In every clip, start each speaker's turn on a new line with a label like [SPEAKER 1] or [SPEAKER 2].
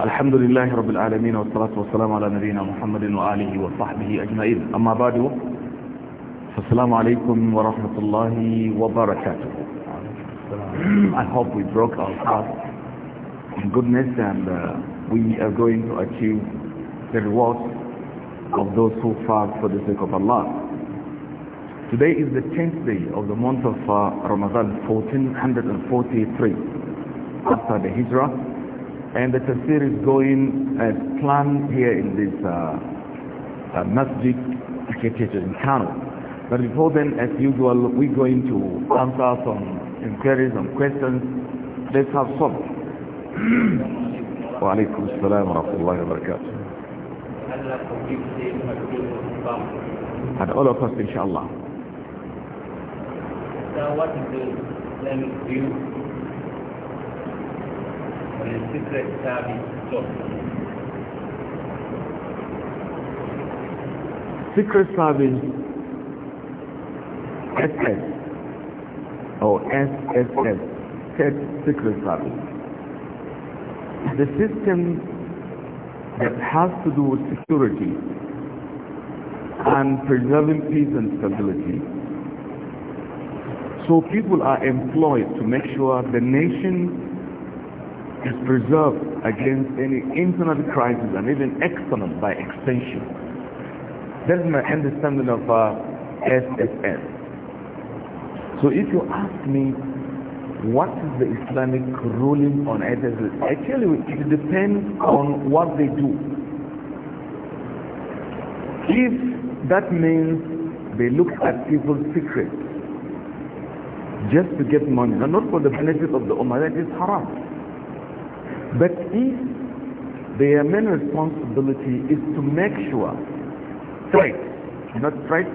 [SPEAKER 1] الحمد لله رب العالمين والصلاة والسلام على نبينا محمد وآله وصحبه أجمعين أما بعد فالسلام عليكم ورحمة الله وبركاته I hope we broke our fast in goodness and uh, we are going to achieve the rewards of those who fast for the sake of Allah Today is the 10th day of the month of uh, Ramadan 1443 after the Hijrah and the tafsir is going as planned here in this uh, uh, masjid in Kano. But before then, as usual, we're going to answer some inquiries and questions. Let's have some. Wa alaikum assalam wa rahmatullahi wa barakatuh. And all of us, inshallah. So what is the Islamic view for the secret service Secret service SS or oh, SSS, State Secret Service. The system that has to do with security and preserving peace and stability. So people are employed to make sure the nation is preserved against any internal crisis and even external by extension. That is my understanding of uh, SSS. So if you ask me, what is the Islamic ruling on SSS? Actually, it depends on what they do. If that means they look at people's secrets just to get money, and not for the benefit of the Ummah, that is haram. But if their main responsibility is to make sure threats, not threats,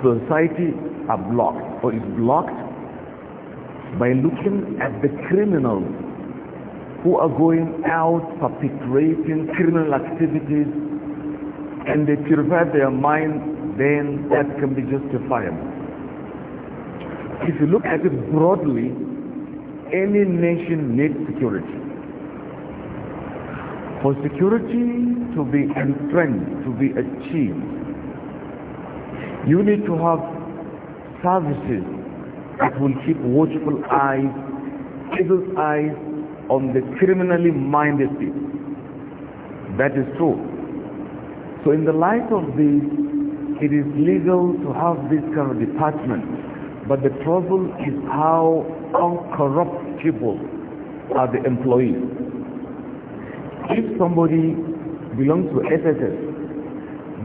[SPEAKER 1] society are blocked or is blocked by looking at the criminals who are going out perpetrating criminal activities and they purify their mind, then that can be justifiable. If you look at it broadly, any nation needs security. For security to be entrenched, to be achieved, you need to have services that will keep watchful eyes, evil eyes on the criminally minded people. That is true. So in the light of this, it is legal to have this kind of department but the trouble is how uncorruptible are the employees. If somebody belongs to SSS,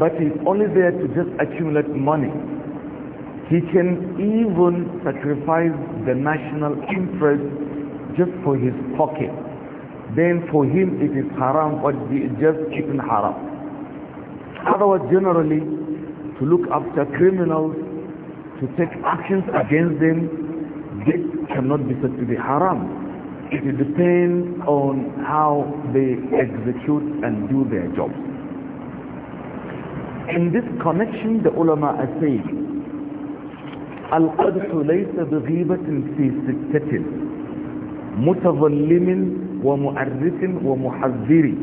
[SPEAKER 1] but is only there to just accumulate money, he can even sacrifice the national interest just for his pocket. Then for him it is haram, but just even haram. Otherwise, generally, to look after criminals to take actions against them, this cannot be said to be haram. It depends on how they execute and do their job. In this connection, the ulama are saying, القدح ليس بغيبة في ستة متظلم ومؤرث ومحذر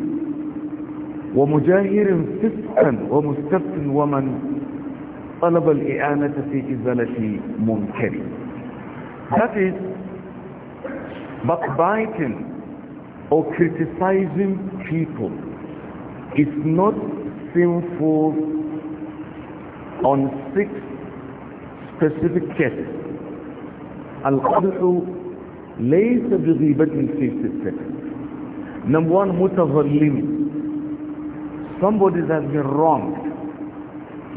[SPEAKER 1] ومجاهر فسقا ومستفت ومن طلب الإعانة في إزالة منكر that is backbiting or criticizing people is not sinful on six specific cases القدح ليس بغيبة في ستة number one متظلم somebody that has been wronged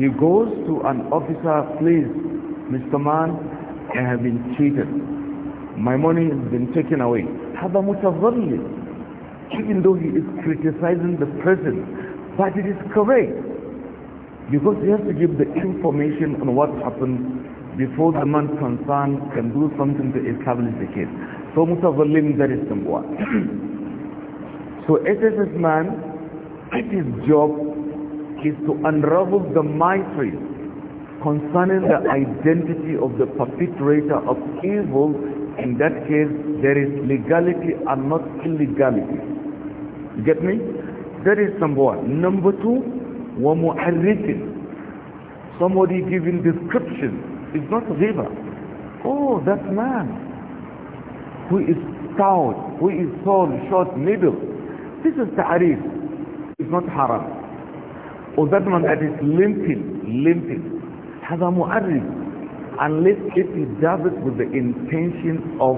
[SPEAKER 1] he goes to an officer, please, Mr. Man, I have been cheated. My money has been taken away. هذا متظلم. Even though he is criticizing the person, but it is correct. Because he has to give the information on what happened before the man concerned can do something to establish the case. So متظلم, that is number one. so SSS man, it is job is to unravel the mystery concerning the identity of the perpetrator of evil. In that case, there is legality and not illegality. You get me? That is number one. Number two, وَمُعَرِّفٍ Somebody giving description is not riba. Oh, that man who is stout, who is tall, short, middle. This is ta'arif. It's not haram or that man that is limping, limping, has a mu'arrif, unless if he does it with the intention of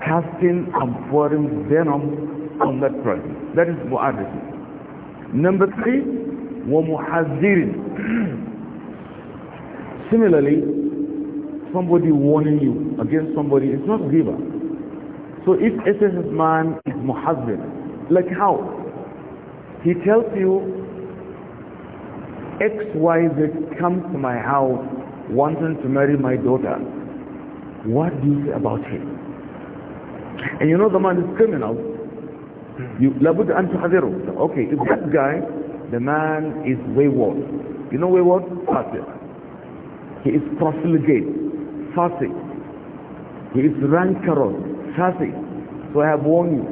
[SPEAKER 1] casting and pouring venom on that person. That is mu'arrif. Number three, وَمُحَذِّرٍ Similarly, somebody warning you against somebody is not giver. So if a man is muhazzir, like how? He tells you XYZ comes to my house wanting to marry my daughter. What do you say about him? And you know the man is criminal. You labud an tuhadiru. Okay, if that guy, the man is wayward. You know wayward? Fasik. He is profligate. Fasik. He is rancorous. Fasik. So I have warned you.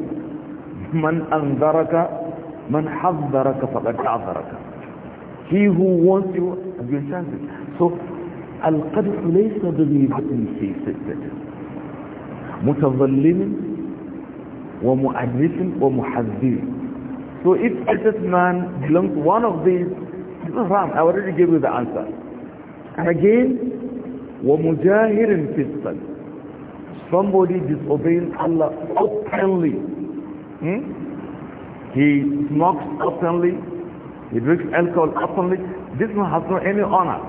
[SPEAKER 1] Man anzaraka, man hazdaraka, faqad ta'zaraka. He who wants you has your chances. So, القدح ليس بغيبة في ستة متظلم ومؤرف ومحذر So if this man belongs to one of these, this is wrong. I already gave you the answer. And again, وَمُجَاهِرٍ فِسْقًا Somebody disobeying Allah openly. Hmm? He smokes openly, he drinks alcohol openly, this man has no any honor.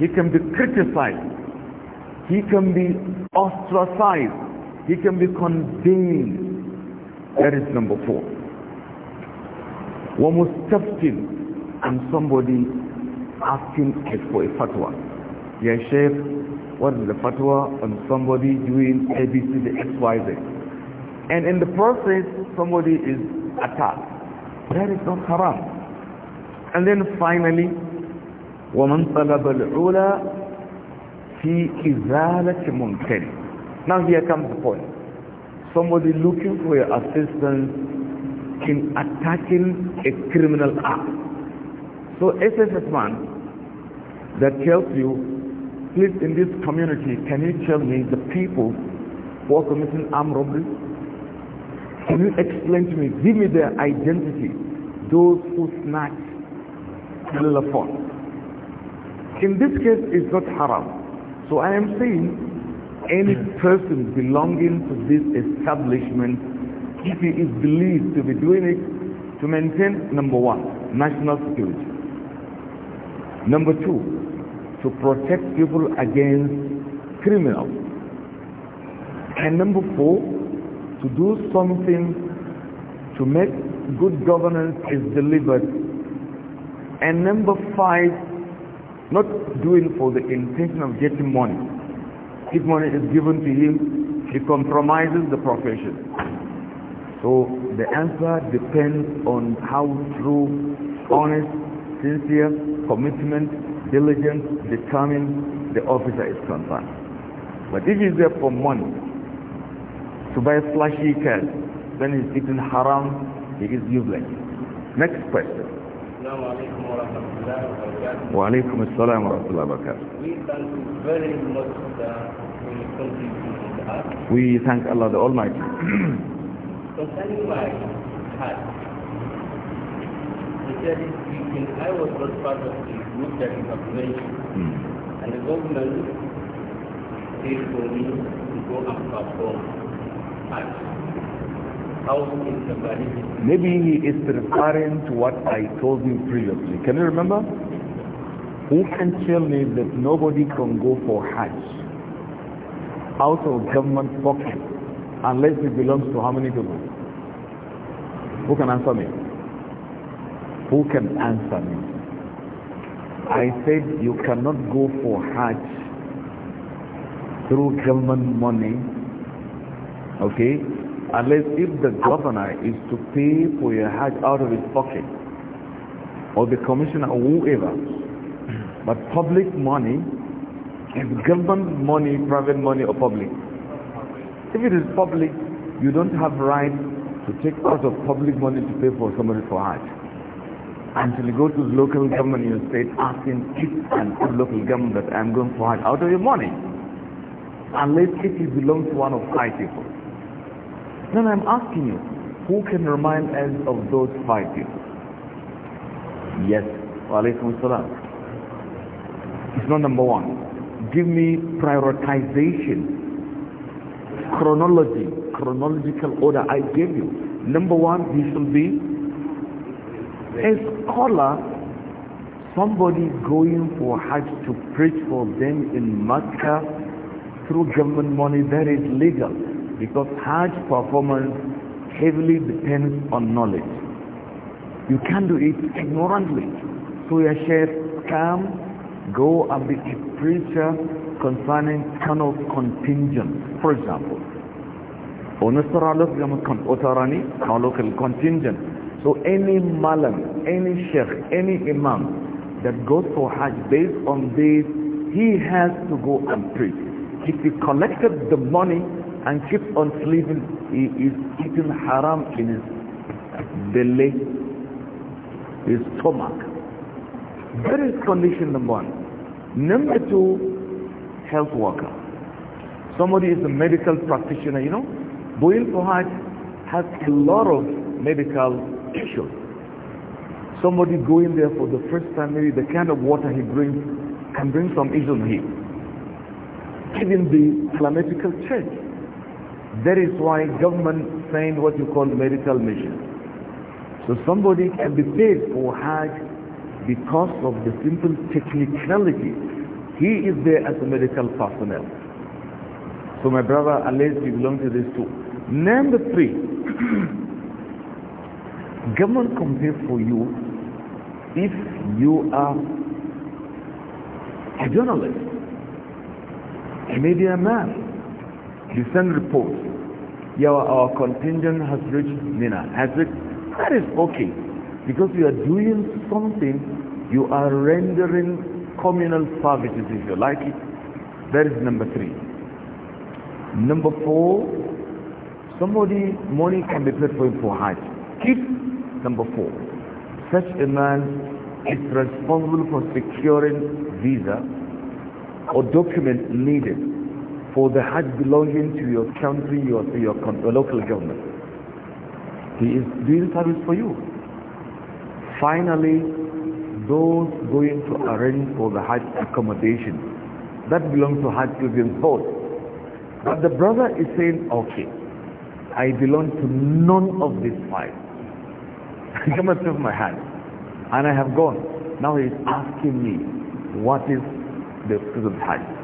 [SPEAKER 1] He can be criticized. He can be ostracized. He can be condemned. That is number four. One was testing and somebody asking for a fatwa. Yeah, Sheikh, what is the fatwa on somebody doing ABC, XYZ? And in the process, somebody is attacked. That is not haram. And then finally, وَمَنْ طَلَبَ الْعُولَى فِي إِذَالَةِ مُنْكَرِ Now here comes the point. Somebody looking for your assistance in attacking a criminal act. So SSS man that helps you, please in this community, can you tell me the people who are committing armed robbery? Can you explain to me, give me their identity, those who snatch in this case, it's not haram. So I am saying any person belonging to this establishment, if he is believed to be doing it, to maintain, number one, national security. Number two, to protect people against criminals. And number four, to do something to make good governance is delivered and number five, not doing for the intention of getting money. If money is given to him, he compromises the profession. So the answer depends on how true, honest, sincere, commitment, diligent, determined the officer is concerned. But if he's there for money, to buy flashy car, then he's eating haram, he is useless. Next question. Wa assalam We thank you very much for to us. We thank Allah the Almighty. Concerning my heart, sincerely speaking, I was part of the group that you have mentioned. Hmm. And the government paid for me to go and perform Hajj. Maybe he is referring to what I told you previously. Can you remember? Who can tell me that nobody can go for Hajj out of government pocket unless it belongs to how many people? Who can answer me? Who can answer me? I said you cannot go for Hajj through government money, okay, unless if the governor is to pay for your hajj out of his pocket or the commissioner or whoever but public money is government money private money or public if it is public you don't have right to take out of public money to pay for somebody for hajj until you go to the local government in your state asking it and the local government that I'm going for hajj out of your money unless it belongs to one of my people then I'm asking you, who can remind us of those five people? Yes, alaykum salam. It's not number one. Give me prioritization, chronology, chronological order I gave you. Number one, This should be a scholar, somebody going for Hajj to preach for them in Makkah through government money that is legal because Hajj performance heavily depends on knowledge. You can't do it ignorantly. So your sheikh come, go and be a preacher concerning kind of contingent. For example, ونصر على وتراني على contingent. So any malam, any sheikh, any imam that goes for Hajj based on this, he has to go and preach. If he collected the money, and keep on sleeping he is eating haram in his belly his stomach that is condition number one number two health worker somebody is a medical practitioner you know Boyle Fuhad has a lot of medical issues somebody going there for the first time maybe the kind of water he brings can bring some issues here even the Climatical change. That is why government signed what you call medical mission. So somebody can be paid for Hajj because of the simple technicality. He is there as a medical personnel. So my brother, unless you belong to this too. Number three, government can for you if you are a journalist, a media man, you send reports. Yeah, our contingent has reached Mina. Has it? That is okay. Because you are doing something, you are rendering communal services if you like it. That is number three. Number four, somebody money can be paid for him for Hajj. Keep number four. Such a man is responsible for securing visa or document needed for the Hajj belonging to your country, your, your, your local government. He is doing service for you. Finally, those going to arrange for the Hajj accommodation, that belongs to Hajj pilgrims board. But the brother is saying, okay, I belong to none of these five. I come out my hand, and I have gone. Now he is asking me, what is the excuse of Hajj?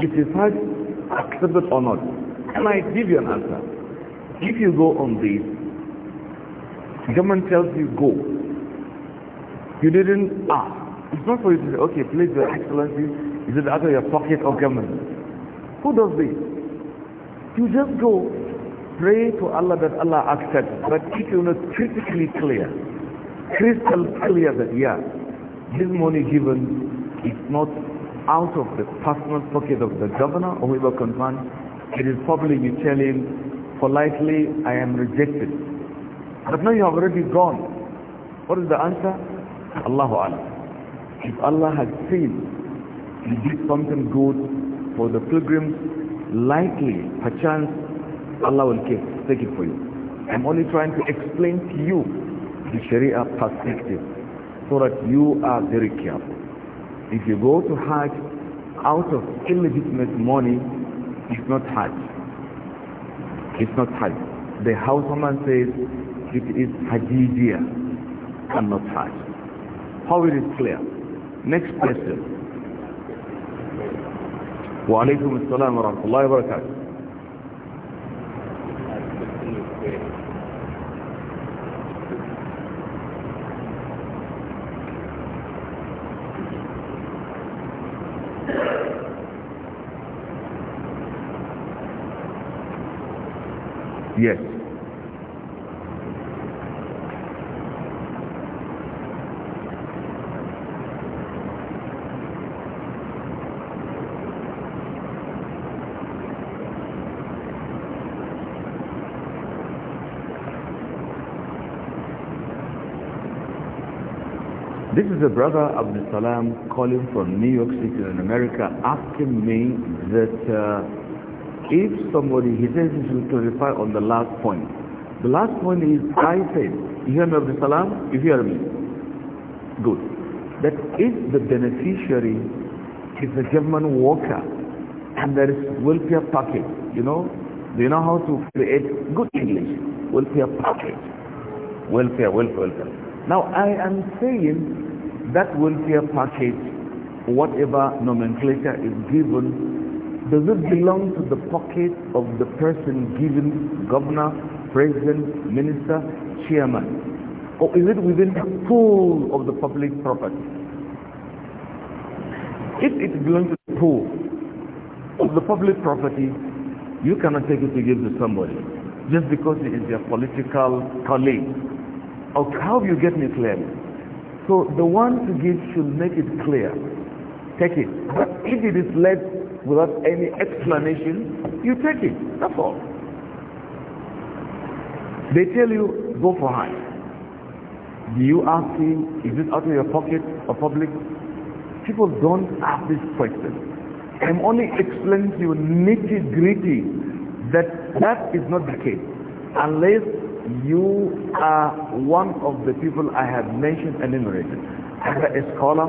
[SPEAKER 1] It is not accepted or not? And I give you an answer. If you go on this, government tells you go. You didn't ask. It's not for you to say, okay, please, your excellency, is it out of your pocket or government? Who does this? You just go pray to Allah that Allah accepts, but keep you know not critically clear, crystal clear that, yeah, this money given is not out of the personal pocket of the governor or whoever concerned, it is probably you tell him, politely, I am rejected. But now you have already gone. What is the answer? Allahu Allah. If Allah has seen you did something good for the pilgrims, likely, perchance, Allah will keep take it for you. I'm only trying to explain to you the Sharia perspective so that you are very careful. If you go to Hajj out of illegitimate money, it's not Hajj. It's not Hajj. The houseman says it is Hajjiyah and not Hajj. How it is clear? Next question. as-salam wa rahmatullahi wa barakatuh. yes This is a brother, Abdul Salam, calling from New York City in America, asking me that uh, if somebody, he says he should clarify on the last point. The last point is, I said, you hear me of the salam? You hear me? Good. That if the beneficiary is a German worker and there is welfare package, you know, do you know how to create good English? Welfare package. Welfare, welfare, welfare. Now I am saying that welfare package, whatever nomenclature is given does it belong to the pocket of the person given governor, president, minister, chairman? Or is it within the pool of the public property? If it belongs to the pool of the public property, you cannot take it to give to somebody just because it is your political colleague. Or how do you get me clear? So the one to give should make it clear. Take it. But if it is left without any explanation, you take it. That's all. They tell you, go for high. Do you ask him, is this out of your pocket or public? People don't ask this question. I'm only explaining to you nitty gritty that that is not the case. Unless you are one of the people I have mentioned and enumerated. Either a scholar,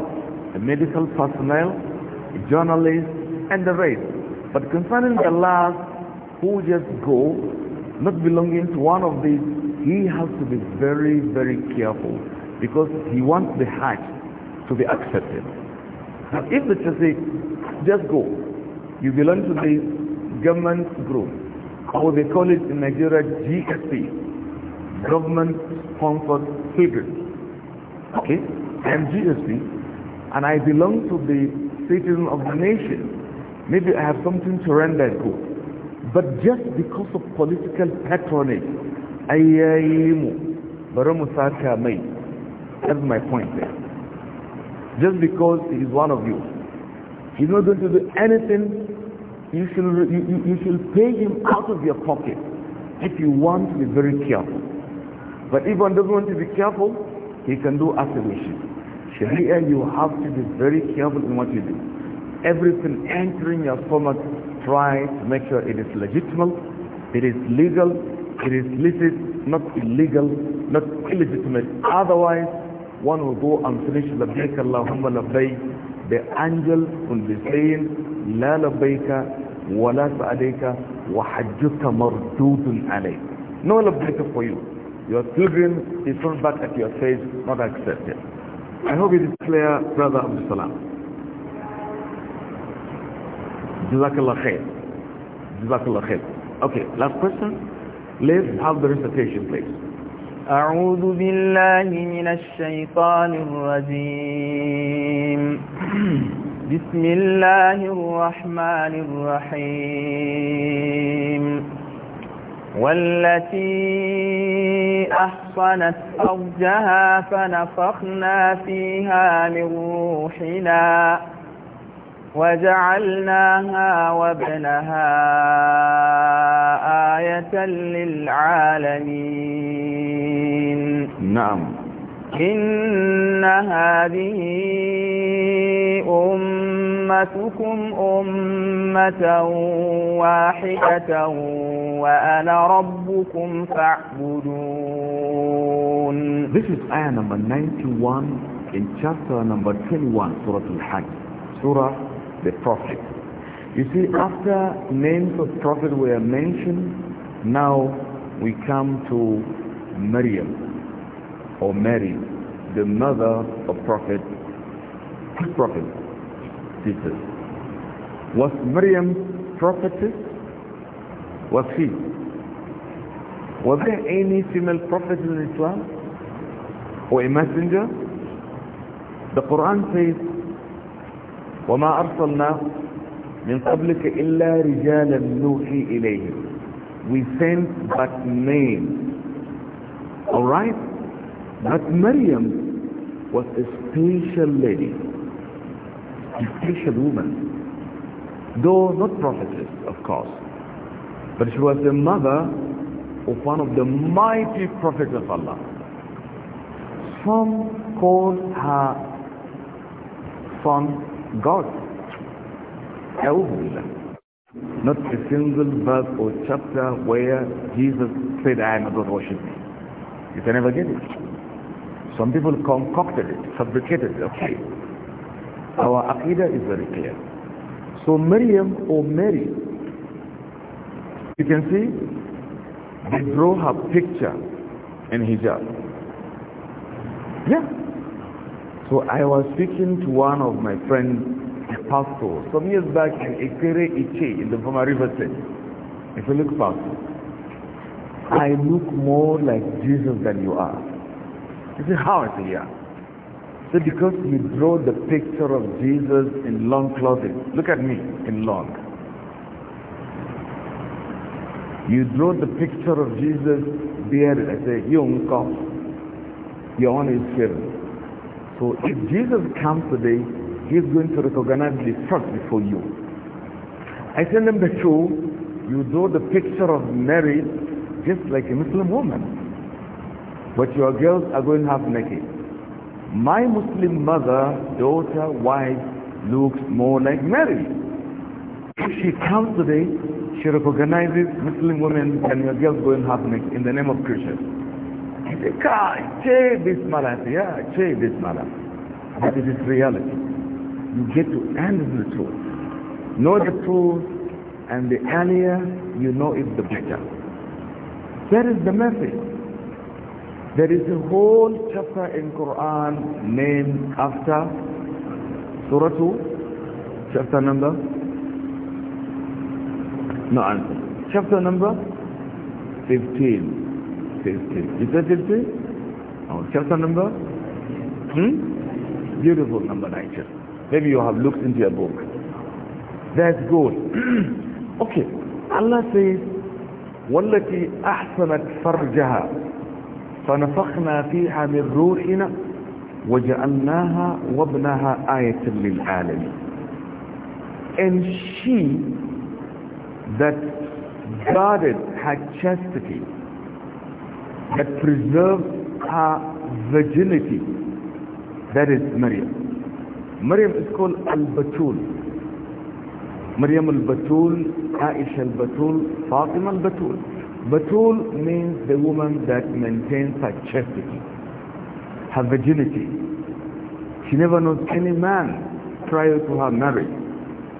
[SPEAKER 1] a medical personnel, a journalist, and the rest. But concerning the last who just go, not belonging to one of these, he has to be very, very careful because he wants the Hajj to be accepted. Now, if the chassis just go, you belong to the government group, or they call it in Nigeria GSP, government sponsored figure. Okay, I am GSP, and I belong to the citizen of the nation. Maybe I have something to render to. But just because of political patronage, ayyayimu, baramusaka may. That's my point there. Just because he is one of you. He's not going to do anything. You should, you, you, you should pay him out of your pocket if you want to be very careful. But if one doesn't want to be careful, he can do as he wishes. Sharia, you have to be very careful in what you do everything entering your stomach, try to make sure it is legitimate, it is legal, it is licit, not illegal, not illegitimate. Otherwise, one will go and finish labbaik Allahumma labbaik. The angel will be saying, La labbaika wa la sa'alayka wa hajjuka mardudun alayk. No labbaika for you. Your children, is thrown back at your face, not accepted. I hope it is clear, Brother Abdul Salam. جزاك الله خير جزاك الله خير Okay, last question. Let's have the recitation, please. أعوذ بالله
[SPEAKER 2] من الشيطان الرجيم بسم الله الرحمن الرحيم والتي أحصنت فرجها فنفخنا فيها من روحنا وجعلناها وابنها آية للعالمين نعم إن هذه أمتكم أمة واحدة وأنا
[SPEAKER 1] ربكم فاعبدون This is ayah number 91 in chapter number 21 Surah Al-Hajj Surah the Prophet. You see, after names of Prophet were mentioned, now we come to Maryam, or Mary, the mother of Prophet, Prophet, Jesus. Was Maryam prophetess? Was she? Was there any female prophet in Islam? Or a messenger? The Quran says, وما أرسلنا من قبلك إلا رجالا نوحي إليهم we sent but men. alright but Maryam was a special lady a special woman though not prophetess of course but she was the mother of one of the mighty prophets of Allah some called her son God. Not a single verse or chapter where Jesus said, I am the worship me. You can never get it. Some people concocted it, fabricated it. Okay. Our Aqidah is very clear. So Miriam or Mary, you can see, they draw her picture in hijab. Yeah. So I was speaking to one of my friends, a pastor, some years back in Ekere Iche in the Boma River State. If you look past, I look more like Jesus than you are. He said, how? I said, yeah. So because you draw the picture of Jesus in long clothing. Look at me, in long. You draw the picture of Jesus bearded. I say, you uncle, your own is filled. So if Jesus comes today, he's going to recognize the first before you. I said number two, You draw the picture of Mary just like a Muslim woman. But your girls are going half naked. My Muslim mother, daughter, wife looks more like Mary. If she comes today, she recognizes Muslim women and your girls going half naked in the name of Christians. He said, Kai, say this I say, yeah, say matter. But it is reality. You get to handle the truth. Know the truth, and the earlier you know it, the better. That is the message. There is a whole chapter in Quran named after Surah 2, chapter number? No answer. Chapter number 15. Is that tilted? Our chapter Beautiful number 19. Maybe you have looked into your book. That's good. okay. Allah says, والتي أحسنت فرجها فنفخنا فيها من روحنا وجعلناها وابنها آية للعالمين and she that guarded her chastity that preserved her virginity. That is Maryam. Maryam is called Al-Batul. Maryam Al-Batul, Aisha Al-Batul, Fatima Al-Batul. Batul means the woman that maintains her chastity, her virginity. She never knows any man prior to her marriage.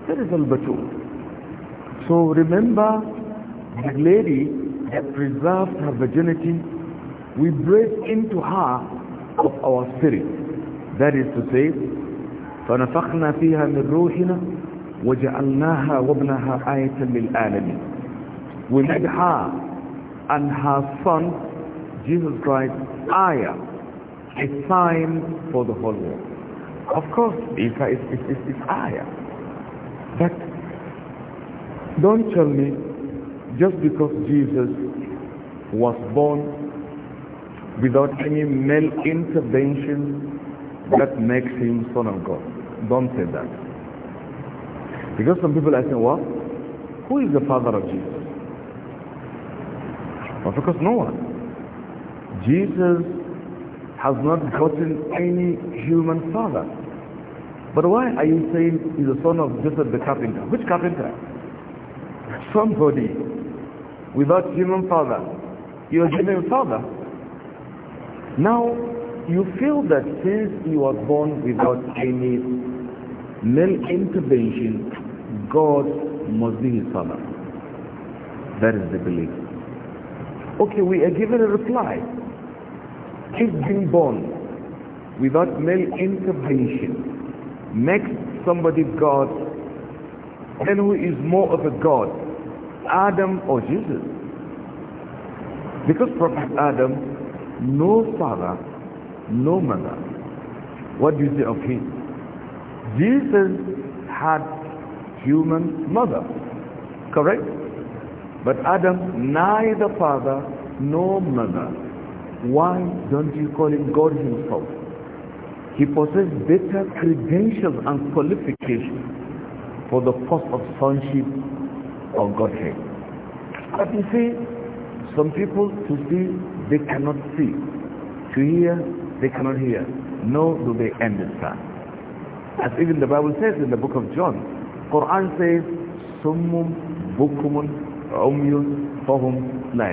[SPEAKER 1] That is Al-Batul. So remember the lady that preserved her virginity we breathe into her of our spirit that is to say فنفخنا فيها من روحنا وجعلناها وابنها آية للعالمين we made her and her son Jesus Christ ayah a sign for the whole world of course if it's, it's, it's ayah but don't tell me just because Jesus was born without any male intervention that makes him son of God. Don't say that. Because some people ask me, well, who is the father of Jesus? Because of course, no one. Jesus has not gotten any human father. But why are you saying he's the son of Joseph the carpenter? Which carpenter? Somebody without human father. You are father. Now, you feel that since you were born without any male intervention, God must be his father. That is the belief. Okay, we are given a reply. If being born without male intervention makes somebody God, then who is more of a God, Adam or Jesus? Because Prophet Adam no father, no mother. What do you say of him? Jesus had human mother, correct? But Adam, neither father nor mother. Why don't you call him God himself? He possessed better credentials and qualifications for the post of sonship or Godhead. But you see, some people to see they cannot see. To hear, they cannot hear. Nor do they understand. As even the Bible says in the book of John, Quran says, Summum bukumun umyun fahum la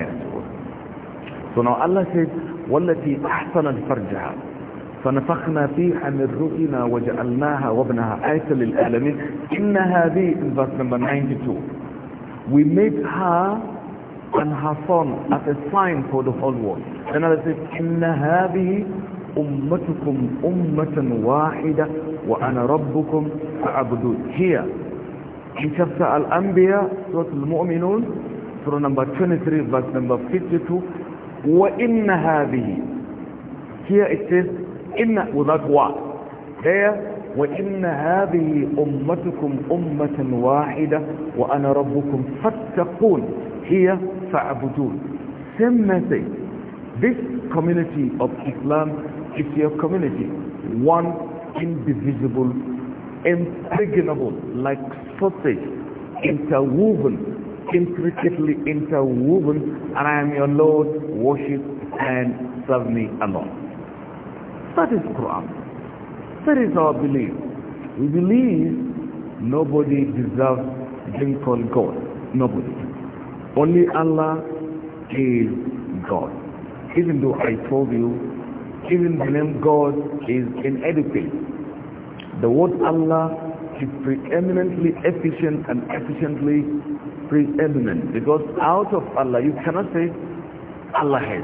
[SPEAKER 1] So now Allah says, والتي أحسنت فرجها فنفخنا فيها من رؤنا وجعلناها وابنها آية للآلمين إن هذه in verse number 92 we made her and her son as a sign for the whole world. And Allah says, إِنَّ هَذِهِ أُمَّتُكُمْ أُمَّةً وَاحِدَةً وَأَنَا رَبُّكُمْ فَعَبُدُونَ Here, in chapter Al-Anbiya, Surah Al-Mu'minun, Surah number 23, verse number 52, وَإِنَّ هَذِهِ Here it says, إِنَّ without what? There, وإن هذه أمتكم أمة واحدة وأنا ربكم فاتقون Here, Same message. This community of Islam is your community. One indivisible, impregnable, like sausage, interwoven, intricately interwoven, and I am your Lord, worship and serve me alone. That is Quran. That is our belief. We believe nobody deserves being called God. Nobody. Only Allah is God. Even though I told you, even the name God is inadequate. The word Allah is preeminently efficient and efficiently preeminent. Because out of Allah, you cannot say Allah has.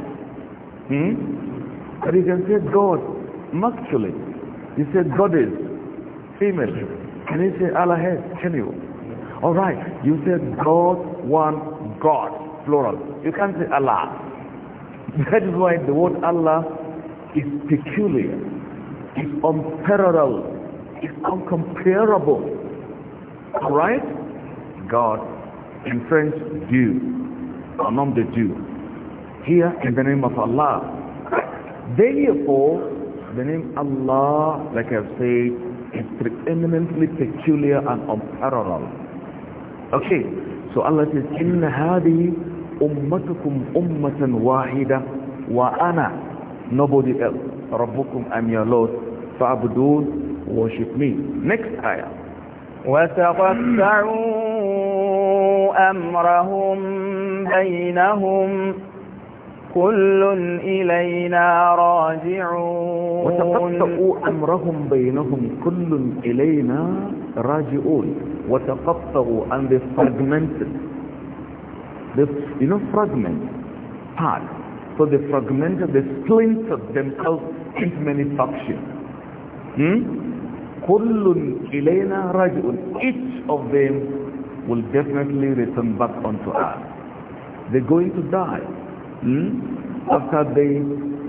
[SPEAKER 1] Hmm? But you can say God, masculine. You say Goddess, female. Can you say Allah has? Can you? All right. You said God, one God, plural. You can't say Allah. That is why the word Allah is peculiar. It's unparalleled. It's uncomparable. All right? God, in French, Dieu, or nom de Dieu. Here, in the name of Allah. Therefore, the name Allah, like I've said, is preeminently peculiar and unparalleled. Okay, so Allah says, إِنَّ هَذِهِ أُمَّتُكُمْ أُمَّةً وَاحِدَةً وَأَنَا Nobody else. رَبُّكُمْ ام يا لورد فاعبدون Worship me. Next ayah.
[SPEAKER 2] وَتَقَطَّعُوا أَمْرَهُمْ بَيْنَهُمْ كل إلينا راجعون
[SPEAKER 1] وتقطعوا أمرهم بينهم كل إلينا راجعون وتقطعوا and they fragmented they, you know fragment part so they fragmented they splintered themselves into many factions hmm? كل إلينا راجعون each of them will definitely return back unto us they're going to die hmm? after they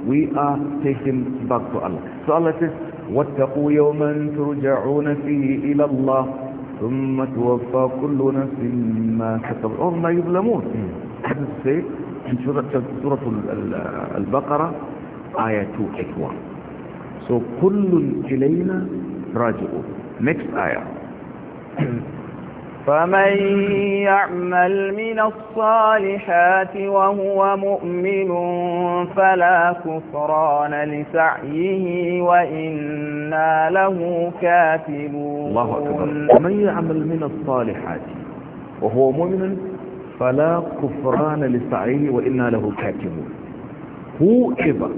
[SPEAKER 1] we are taken back to Allah so Allah says واتقوا يوما ترجعون فيه إلى الله ثم توفى كل نفس ما كتب أو ما يظلمون حدث السيد in سورة البقرة آية 281 so كل إلينا راجعون next آية
[SPEAKER 2] فمن يعمل من الصالحات وهو مؤمن فلا كفران لسعيه وإنا له كاتبون
[SPEAKER 1] الله أكبر ومن يعمل من الصالحات وهو مؤمن فلا كفران لسعيه وإنا له كاتبون whoever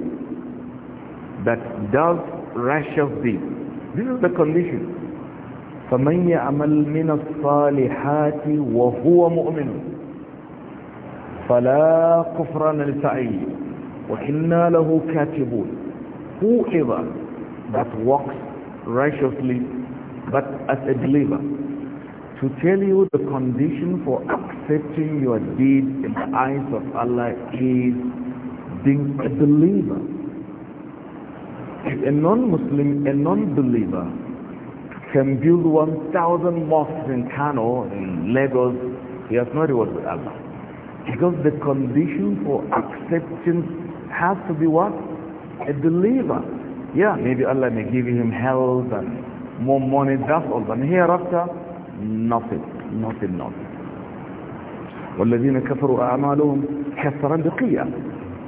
[SPEAKER 1] that does righteous deeds this is the condition فمن يعمل من الصالحات وهو مؤمن فلا كفران لسعيه وإنا له كاتبون whoever that walks righteously but as a believer to tell you the condition for accepting your deed in the eyes of Allah is being a believer. a non-Muslim, a non-believer can build 1,000 mosques in Kano, in Lagos, he has no reward with Allah. Because the condition for acceptance has to be what? A believer. Yeah, maybe Allah may give him health and more money, that's all. But hereafter, nothing, nothing, nothing. وَالَّذِينَ كَفَرُوا أَعْمَالُهُمْ كَسْرًا دَقِيًّا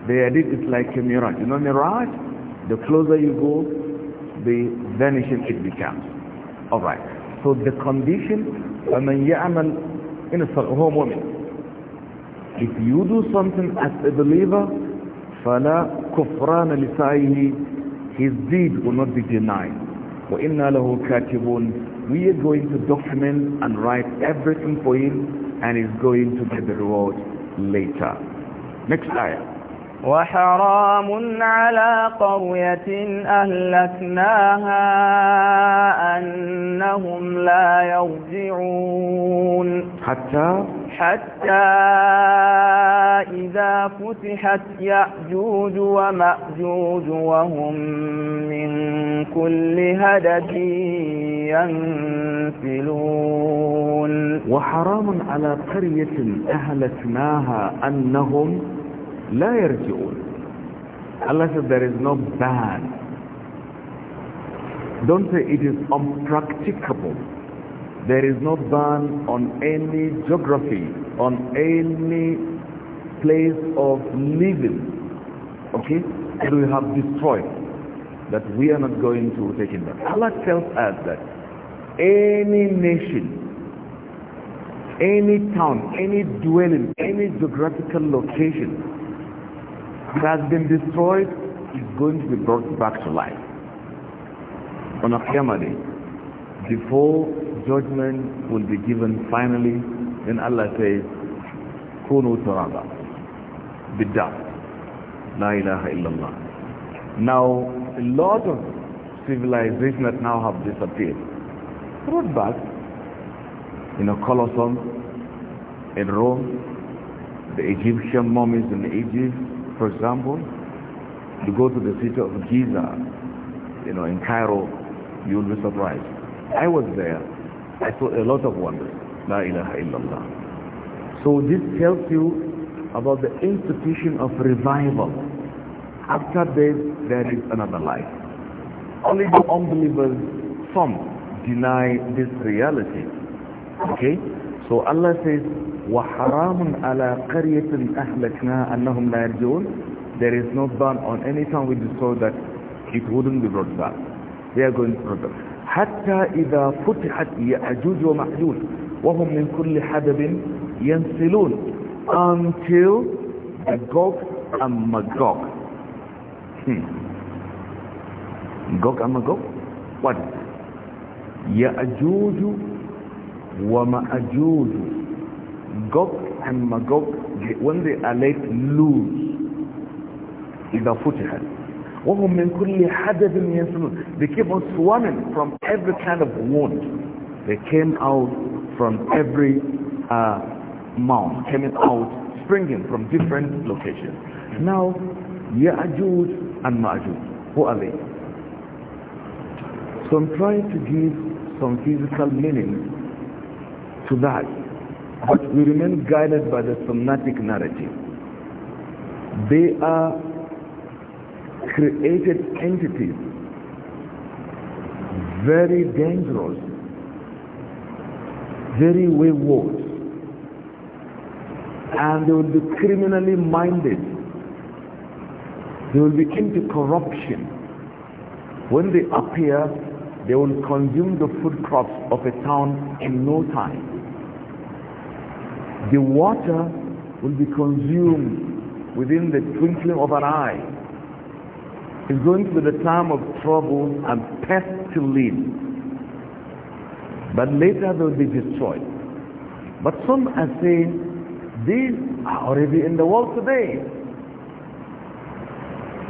[SPEAKER 1] Their deed is like a mirage. You know mirage? The closer you go, the vanishing it becomes. All right. So the condition, وَمَنْ يَعْمَلْ in a home woman. If you do something as a believer, فَلَا كُفْرَانَ لِسَائِهِ His deed will not be denied. وَإِنَّا لَهُ كَاتِبُونَ We are going to document and write everything for him and he's going to get the reward later. Next slide. وحرام على قرية
[SPEAKER 2] أهلكناها أنهم لا يرجعون حتى حتى إذا فتحت يأجوج ومأجوج وهم من كل هدد
[SPEAKER 1] ينفلون وحرام على قرية أهلكناها أنهم لا يرجعون Allah says there is no ban don't say it is unpracticable there is no ban on any geography on any place of living okay that we have destroyed that we are not going to take in that. Allah tells us that any nation any town any dwelling any geographical location that has been destroyed is going to be brought back to life on Qiyamah day before judgment will be given finally then Allah says kunu turaba bidda la ilaha illallah now a lot of civilizations that now have disappeared brought back you know Colosseum in Rome the Egyptian mummies in Egypt for example, you go to the city of Giza, you know, in Cairo, you'll be surprised. I was there. I saw a lot of wonders. La ilaha illallah. So this tells you about the institution of revival. After this, there is another life. Only the unbelievers, some, deny this reality. Okay? So Allah says, وحرام على قرية أهلكنا أنهم لا يرجون there is no ban on any time which is that it wouldn't be brought back they are going to brought back حتى إذا فتحت يأجوج ومأجوج وهم من كل حدب ينسلون until Gog and Magog hmm. Gog and Magog what يأجوج ومأجوج Gog and Magog, when they are let loose, إذا فتحت وهم من كل حدب ينسلون they came out swarming from every kind of wound they came out from every uh, mound coming out springing from different locations now Jews and Ma'juj who are they so I'm trying to give some physical meaning to that but we remain guided by the somatic narrative. They are created entities, very dangerous, very wayward, and they will be criminally minded. They will be into corruption. When they appear, they will consume the food crops of a town in no time the water will be consumed within the twinkling of an eye. It's going to be the time of trouble and pestilence. But later they'll be destroyed. But some are saying these are already in the world today.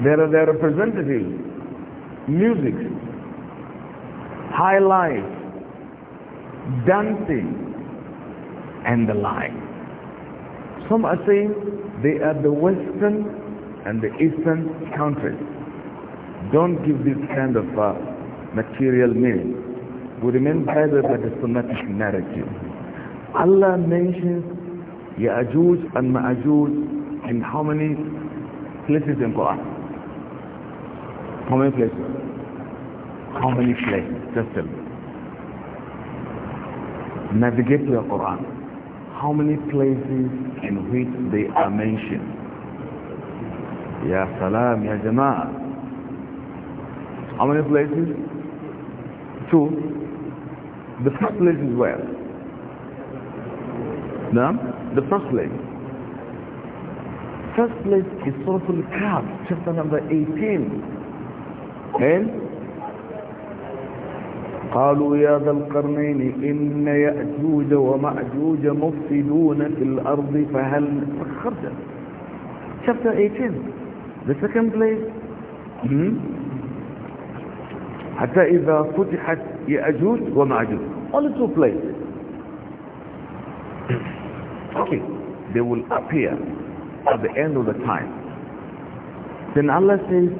[SPEAKER 1] There are their representatives, music, high life, dancing, and the lie. Some are saying they are the western and the eastern countries. Don't give this kind of uh, material meaning. We remain guided by the Sunnatic narrative. Allah mentions Ya'juj and Ma'juj in how many places in Quran? How many places? How many places? Just tell me. Navigate your Quran how many places in which they are mentioned. Ya salam, ya jama'ah. How many places? Two. The first place is where? No? The first place. First place is Surah Al-Kahf, chapter number 18. And قالوا يا ذا القرنين إن يأجوج ومأجوج مفسدون في الأرض فهل خرج chapter 18 the second place hmm? حتى إذا فتحت يأجوج ومأجوج only two places okay they will appear at the end of the time then Allah says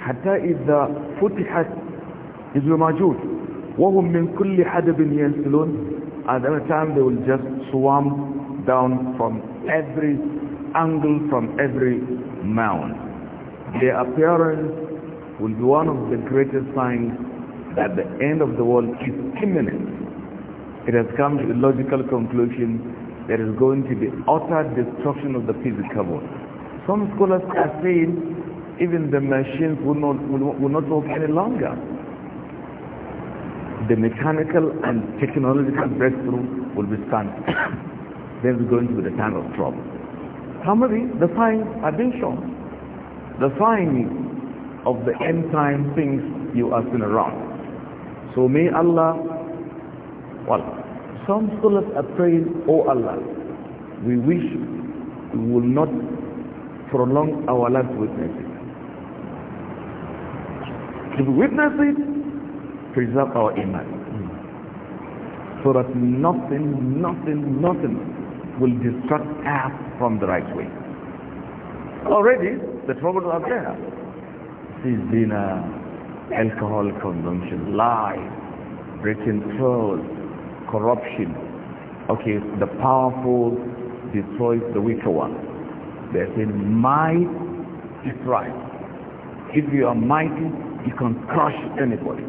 [SPEAKER 1] حتى إذا فتحت إذ ومأجوج وَهُمْ مِنْ كُلِّ حَدَبٍ يَنْسِلُونَ At every time they will just swarm down from every angle, from every mound. Their appearance will be one of the greatest signs that the end of the world is imminent. It has come to a logical conclusion there is going to be utter destruction of the physical world. Some scholars are saying even the machines will not, will, will not work any longer the mechanical and technological breakthrough will be stunted. then we going to the time of trouble. Summary, the signs are being shown. The signs of the end time things you are seeing around. So may Allah, well, some scholars are praying, O oh Allah, we wish we will not prolong our life witness If we witness it, preserve our iman so that nothing, nothing, nothing will distract us from the right way. Already, the troubles are there. This dinner, alcohol consumption, lies, breaking trust, corruption. Okay, the powerful destroys the weaker one. They say might is right. If you are mighty, you can crush anybody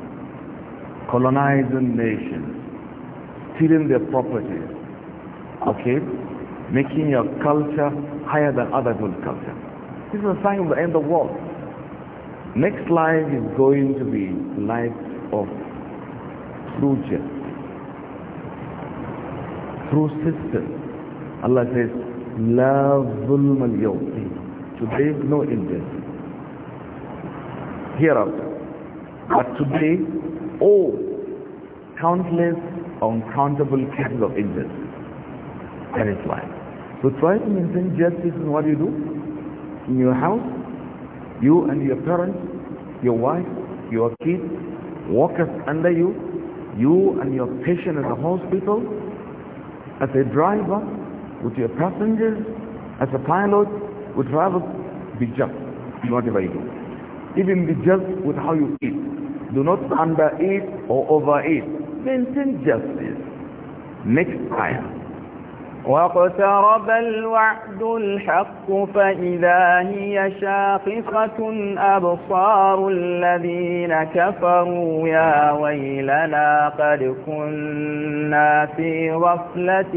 [SPEAKER 1] colonizing nations, stealing their property, okay, making your culture higher than other good culture. This is a sign of the end of the world. Next life is going to be life of true through system. Allah says, "Love zulm al Today is no injustice. Hereafter. But today Oh, countless, uncountable cases of injustice. That is why. So try to maintain justice in what you do, in your house, you and your parents, your wife, your kids, workers under you, you and your patient at the hospital, as a driver, with your passengers, as a pilot, with drivers, be just in whatever you do. Even be just with how you eat. Do not undereat or overeat. Maintain justice. Next time.
[SPEAKER 2] واقترب الوعد الحق فإذا هي شاخصة أبصار الذين كفروا يا ويلنا قد كنا في غفلة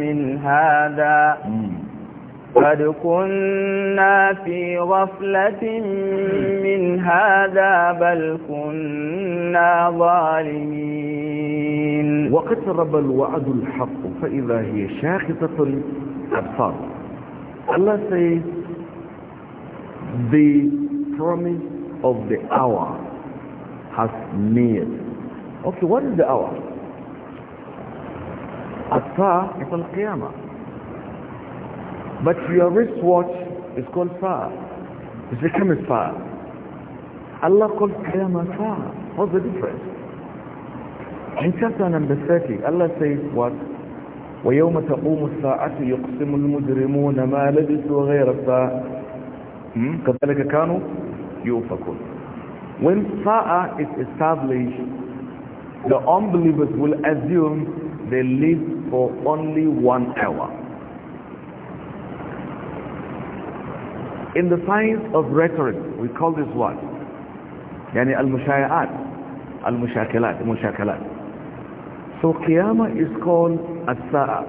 [SPEAKER 2] من هذا hmm. قد كنا في غفلة من هذا
[SPEAKER 1] بل كنا ظالمين وقد رب الوعد الحق فإذا هي شاخصة الأبصار الله says the promise of the hour has neared okay what is the hour الساعة يقول القيامة But your wristwatch is called far. It's as far. Allah calls Qiyamah far. What's the difference? In chapter number 30, Allah says what? ويوم تقوم الساعة يقسم المجرمون ما لبثوا غير الساعة hmm? كذلك كانوا يؤفكون When Sa'a is established, the unbelievers will assume they live for only one hour. in the science of rhetoric we call this what يعني المشايعات المشاكلات المشاكلات so قيامة is called الساعة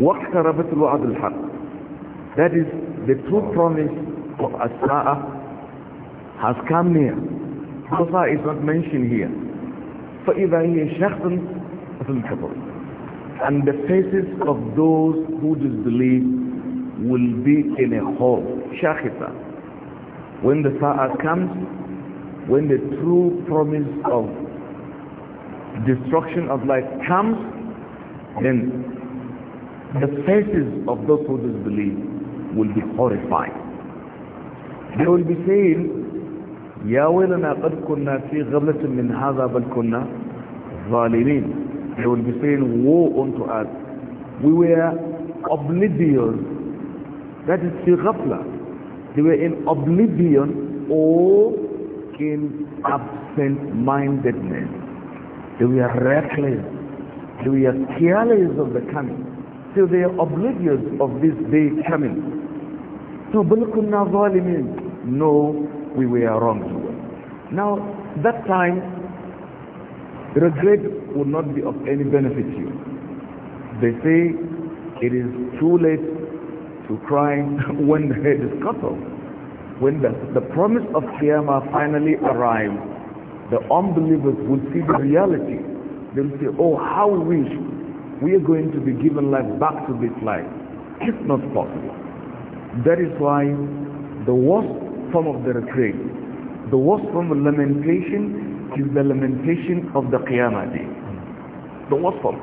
[SPEAKER 1] واقتربت الوعد الحق that is the true promise of الساعة has come near الساعة is not mentioned here فإذا هي شخص في الحضر and the faces of those who disbelieve will be in a hole shakhita when the sa'a comes when the true promise of destruction of life comes then the faces of those who disbelieve will be horrified they will be saying "Ya ويلنا قد كنا في غفلة من هذا بل كنا they will be saying woe unto us we were oblivious that is fi ghafla. They were in oblivion or in absent-mindedness. They were reckless. They were careless of the coming. So they are oblivious of this day coming. So balkunna zalimin. No, we were wrong. Now, that time, regret would not be of any benefit to you. They say it is too late to cry when the head is cut off. When the, the promise of Qiyamah finally arrives, the unbelievers will see the reality. They'll say, oh, how wish we are going to be given life back to this life. It's not possible. That is why the worst form of the retreat, the worst form of lamentation is the lamentation of the Qiyamah day. The worst form.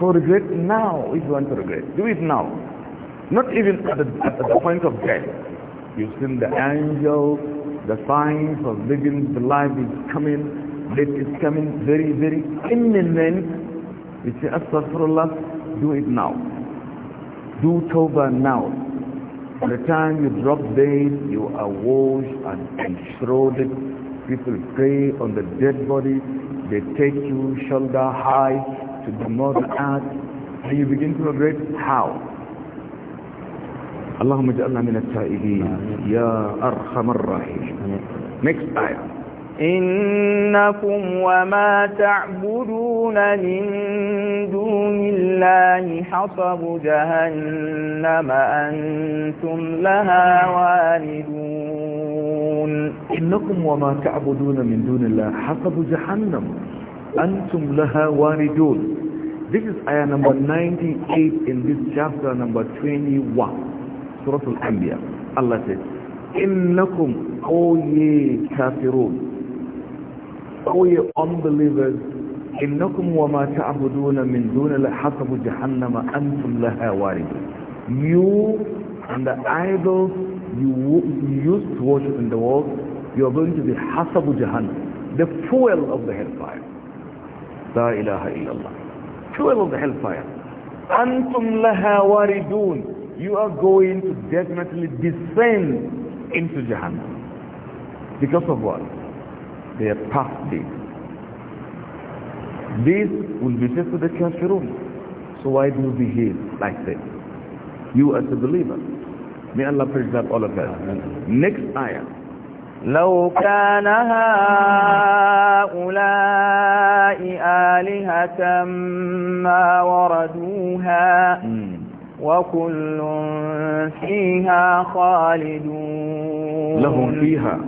[SPEAKER 1] So regret now if you want to regret. Do it now. Not even at the, at the point of death. You've seen the angels, the signs of living, the life is coming, death is coming, very, very imminent. You say, Astaghfirullah, do it now. Do Tawbah now. By the time you drop dead, you are washed and enshrouded. People pray on the dead body. They take you shoulder high to the mother earth. And you begin to regret how. اللهم اجعلنا من التائبين يا أرحم الراحمين next ayah
[SPEAKER 2] إنكم
[SPEAKER 1] وما تعبدون من
[SPEAKER 2] دون الله حصب جهنم أنتم
[SPEAKER 1] لها واردون إنكم وما تعبدون من دون الله حصب جهنم أنتم لها واردون This is ayah number 98 in this chapter number 21 سوره الانبياء الله تعالى انكم اوي كافرون اوي انبليفرز انكم وما تعبدون من دون الله حسب انتم لها واردون you and the idols you, used to worship in the world you are going to be حسب جهنم the fuel of the hellfire لا اله الا الله fuel of the hellfire انتم لها واردون you are going to definitely descend into Jahannam. Because of what? Their past deeds. This will be said to the kafirun. So why do you behave like this? You as a believer. May Allah preserve all of us. Next ayah. لو كان
[SPEAKER 2] هؤلاء آلهة ما وردوها hmm. وكل فيها خالدون لهم فيها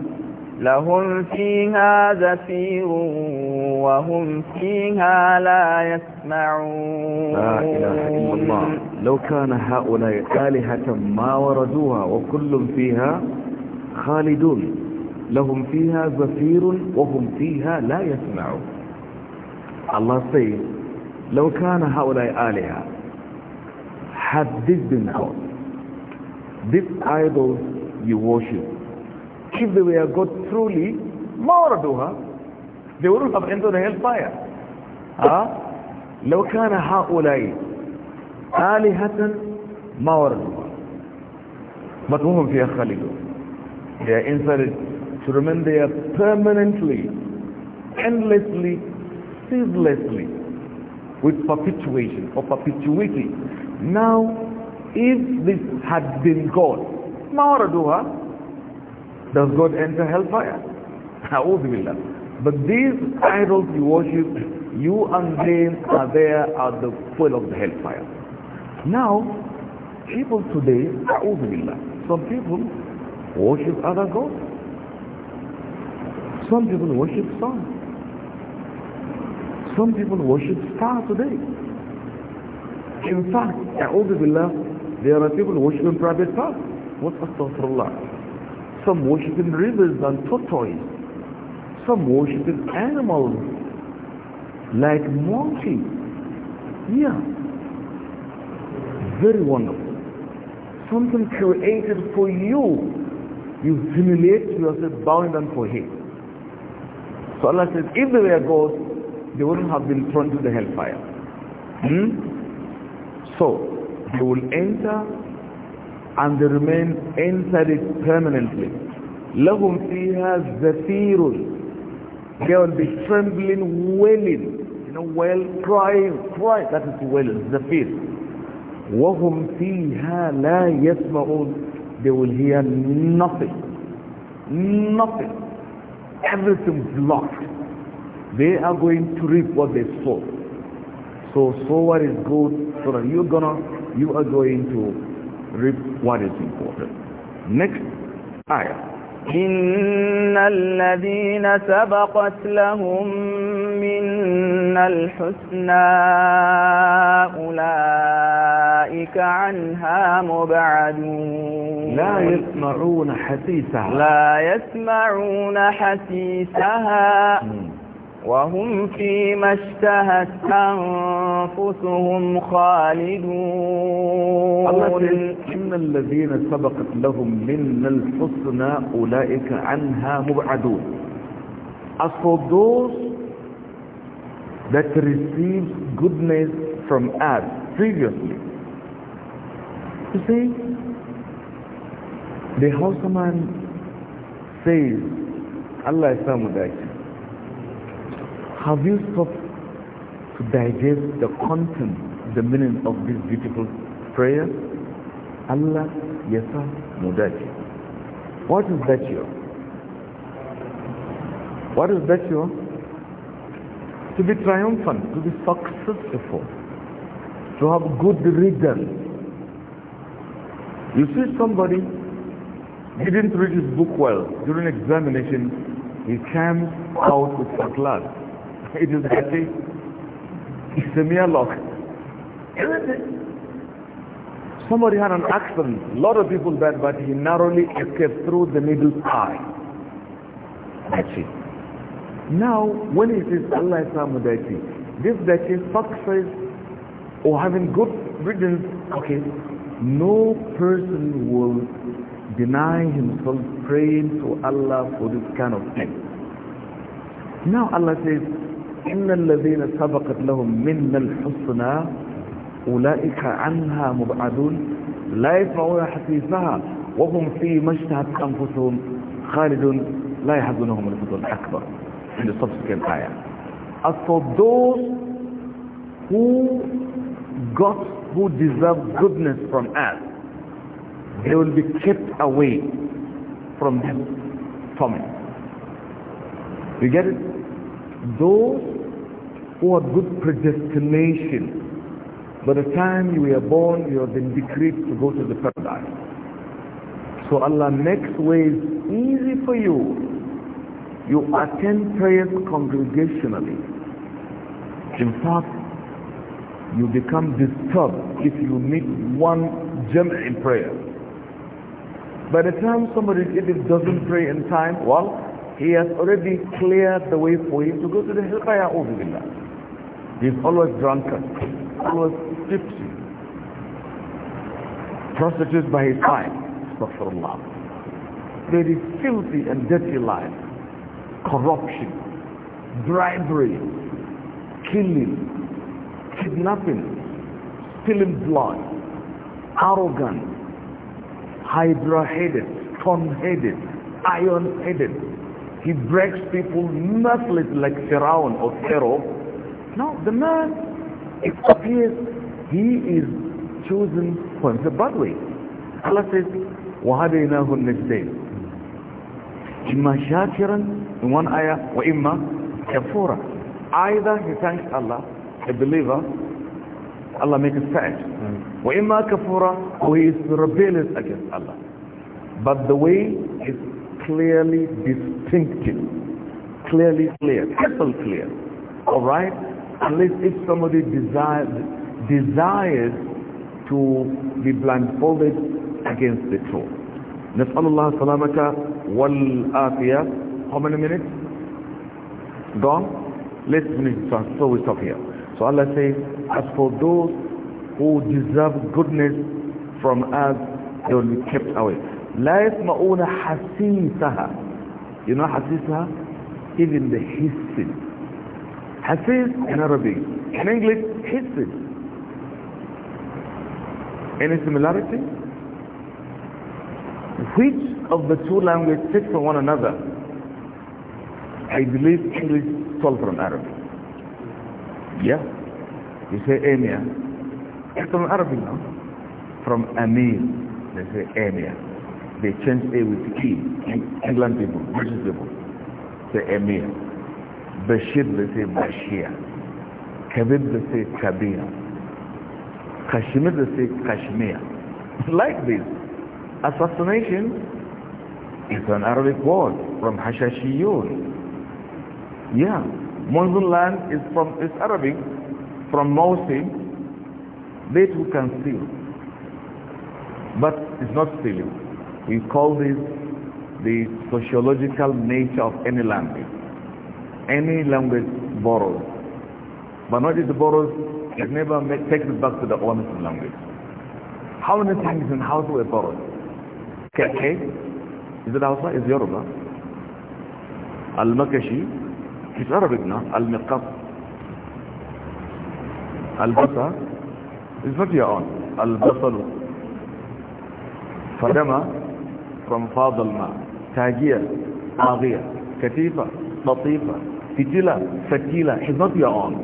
[SPEAKER 2] لهم فيها زفير وهم فيها لا يسمعون
[SPEAKER 1] لا إله إلا الله لو كان هؤلاء آلهة ما وردوها وكل فيها خالدون لهم فيها زفير وهم فيها لا يسمعون الله سيد لو كان هؤلاء آلهة Have this been God, This idols you worship, if they were God truly, they wouldn't have entered the hellfire. Huh? لو كان هؤلاء آلهة ما وردوها but whom فيها خالدون they are inserted to remain there permanently endlessly ceaselessly with perpetuation or perpetuity now, if this had been God, Ma'araduha, does God enter hellfire? But these idols you worship, you and them are there at the full of the hellfire. Now, people today, some people worship other gods. Some people worship sun. Some people worship star today. In fact, A'udhu Billah, there are people worshiping in private parts. What astaghfirullah? Some worshiping in rivers and tortoise. Some worshiping in animals, like monkey. Yeah. Very wonderful. Something created for you. You humiliate yourself bound and for him. So Allah says, if they were gods, they wouldn't have been thrown to the hellfire. Hmm? So they will enter and they remain inside it permanently. لهم فيها زفير they will be trembling, wailing, you know, wail, crying, crying. That is wailing, zafir. وَهُمْ فِيهَا لَا يَسْمَعُونَ They will hear nothing. Nothing. Everything is locked. They are going to reap what they sow. So, so what is good so that you're gonna, you are going to reap what is important. Next ayah. إن الذين
[SPEAKER 2] سبقت لهم من الحسنى أولئك عنها مبعدون
[SPEAKER 1] لا يسمعون حسيسها لا
[SPEAKER 2] يسمعون حسيسها وهم فيما اشتهت أنفسهم خالدون
[SPEAKER 1] إن الذين سبقت لهم من الحسنى أولئك عنها مبعدون As that received goodness from us previously, you see, the Hausaman says, Allah is Samudaita, Have you stopped to digest the content, the meaning of this beautiful prayer? Allah yasa mudaji. What is that you? What is that you? To be triumphant, to be successful, to have good results. You see somebody didn't read his book well during examination, he came out with a class it is dirty. It's a mere Somebody had an accident. A lot of people died, but he narrowly escaped through the middle eye. That's it. Now, when it is Allah Islam Daiti, this Daiti success or having good riddance, okay, no person will deny himself praying to Allah for this kind of thing. Now Allah says, إن الذين سبقت لهم من الحسنى أولئك عنها مبعدون لا يفعون حسيثها وهم في مجتهد أنفسهم خالد لا يحزنهم الفضل أكبر عند الصف سكين آية So who got, who deserve goodness from us, they will be kept away from them, from it. You get it? Those who good predestination. By the time you were born, you have been decreed to go to the paradise. So Allah makes ways easy for you. You attend prayers congregationally. In fact, you become disturbed if you meet one jam in prayer. By the time somebody if doesn't pray in time, well, he has already cleared the way for him to go to the hellfire. He's always drunken, always tipsy. Prostitutes by his side. Astaghfirullah. There is filthy and dirty life. Corruption, bribery, killing, kidnapping, stealing blood, arrogant, hydra-headed, stone-headed, iron-headed. He breaks people mercilessly like Pharaoh or Pharaoh now the man, it appears he is chosen from the bad way. Allah says, وَهَدَيْنَاهُ النَّجْدَيْنِ إِمَّا شَاكِرًا in one ayah, وَإِمَّا كَفُورًا Either he thanks Allah, a believer, Allah makes his fast. وَإِمَّا كَفُورًا or he is rebellious against Allah. But the way is clearly distinctive, clearly clear, crystal clear. All right? Unless if somebody desires, desires to be blindfolded against the truth. نسأل الله سلامك والآفية how many minutes? gone? let's finish so we stop here so Allah says as for those who deserve goodness from us they will be kept away لا يسمعون حسيسها you know حسيسها even the hissing Hafiz in Arabic. In English, Hafiz. Any similarity? Which of the two languages fit for one another? I believe English stole from Arabic. Yeah. You say Emir. It's from Arabic now. From Amir. They say Emir. They change A with E. England people, British people. Say Emir bashir they say Bashir. kabir they say Kabir, kashmir they say kashmir like this assassination is an Arabic word from Hashashiyun yeah Muslim land is from is Arabic from Mosul they too can steal but it's not stealing we call this the sociological nature of any language any language borrowed. But not just borrowed, it never make, takes it back to the original language. How many times in house were borrowed? Keke? Is it Hausa? Is Yoruba? Al-Makashi? It's Arabic now. Al-Miqaf? Al-Basa? It's not your own. Al-Basalu. Fadama? From Fadalma. Tagiya? Aghiya? Katifa? Latifa? fitila, fatila, is not your own.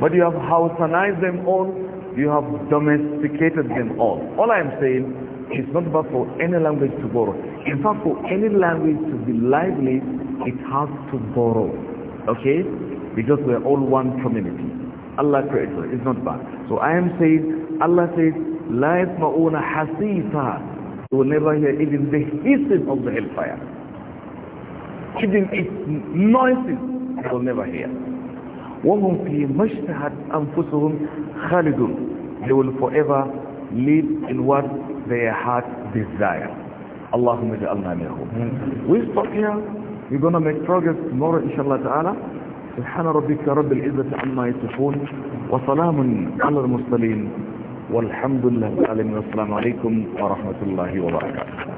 [SPEAKER 1] But you have houseanized them all, you have domesticated them all. All I am saying it's not bad for any language to borrow. In fact, for any language to be lively, it has to borrow. Okay? Because we are all one community. Allah created It's not bad. So I am saying, Allah says, لا يسمعون حسيسا You will never hear even the hissing of the hellfire. hidden it noises they will never hear وهم في مَشْتَهَدْ أنفسهم خالدون they will forever live in what their heart desire اللهم اجعلنا منهم we stop here we're gonna make progress tomorrow inshallah ta'ala سبحان ربك رب العزة عما يصفون وسلام على المرسلين والحمد لله العالمين والسلام عليكم ورحمة الله وبركاته